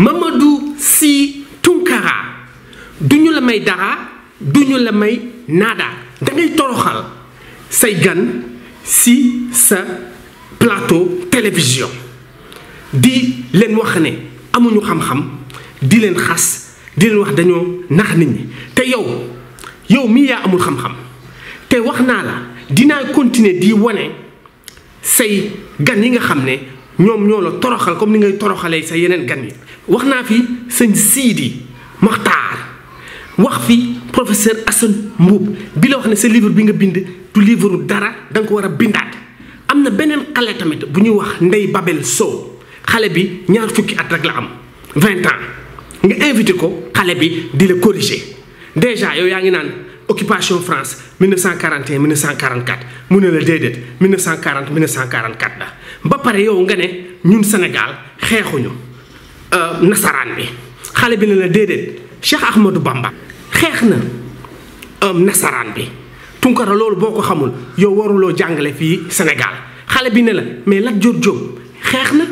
Mamadou du Tunkara du duñu la may dara du ñu la may naada da ngay toroxal say gan si sa plateau télévision di leen wax ne amuñu xam-xam di leen xas di leen wax dañoo nax nit ñi te yow yow mii yaa amul xam-xam te wax naa la dinaa continuer di wane say gan yi nga xam ne ñom ñoo la toroxal comme ni ngay toroxalé sa yenen gan yi waxna fi sëñ Sidi Maxtaar wax fi professeur Assane Mbuub bi la wax ne ce livre bi nga bind du livre dara dang ko wara bindat amna benen xale tamit bu ñu wax Ndey Babel so xale bi ñaar fukki at rek la am 20 ans nga inviter ko xale bi di le corriger déjà yow ya ngi nan occupation France 1941 1944 mu ne la dedet 1940 1944 da ba pare yow nga ne ñun Sénégal xeexuñu euh, nasaraan bi xale bi ne la déedéet Cheikh Ahmadou Bamba xeex na euh, nasaraan bi Tunkara loolu boo ko xamul yow waruloo jàngale fii Sénégal xale bi ne la mais Lat Dior Diop xeex na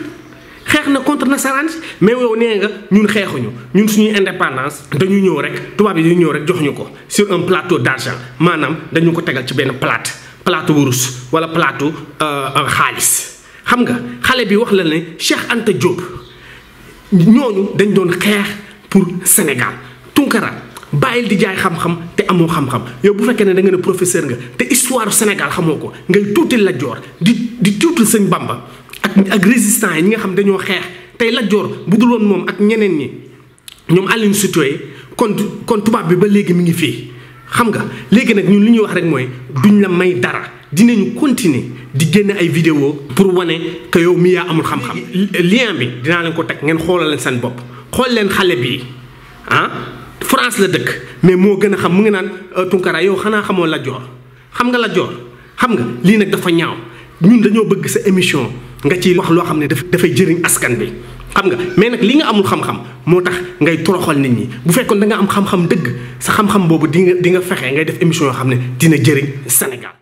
xeex na contre nasaraan mais yow nee nga ñun xeexuñu ñun suñuy indépendance dañu ñëw rek tubaab yi dañu ñëw rek joxuñu ko sur un plateau d'argent maanaam dañu ko tegal ci benn plate plateau wurus wala plateau euh, xaalis xam nga xale bi wax la ne Cheikh Anta Diop ñooñu dañ doon xeex pour Sénégal Tunkara bàyyil di jaay xam-xam te amoo xam-xam yow bu fekkee ne da nga ne professeur nga te histoire Sénégal xamoo ko ngay tuuti Lat Joor di di tuutil Sëñ Bamba ak ak résistants yi ñi nga xam dañoo xeex tey Lat Joor bu dul woon moom ak ñeneen ñi ñoom Aline Sitoé kon kon tubaab bi ba léegi mi ngi fii xam nga léegi nag ñun li ñuy wax rek mooy duñ la may dara dinañu continuer di génn ay vidéo pour wane que yow mi yaa amul xam-xam. lien bi dinaa leen ko teg ngeen xoolal leen seen bopp xool leen xale bii ah France la dëkk mais moo gën a xam mu ngi naan euh, Tunkara yow xanaa xamoo Lat Joor xam nga Lat Joor xam nga lii nag dafa ñaaw ñun dañoo bëgg sa émission nga ci wax loo xam ne dafay jëriñ askan bi. xam nga mais nag li nga amul xam-xam moo tax ngay toroxal nit ñi bu fekkoon da am xam-xam dëgg sa xam-xam boobu di nga di nga fexe ngay def émission yoo xam ne dina jëriñ Sénégal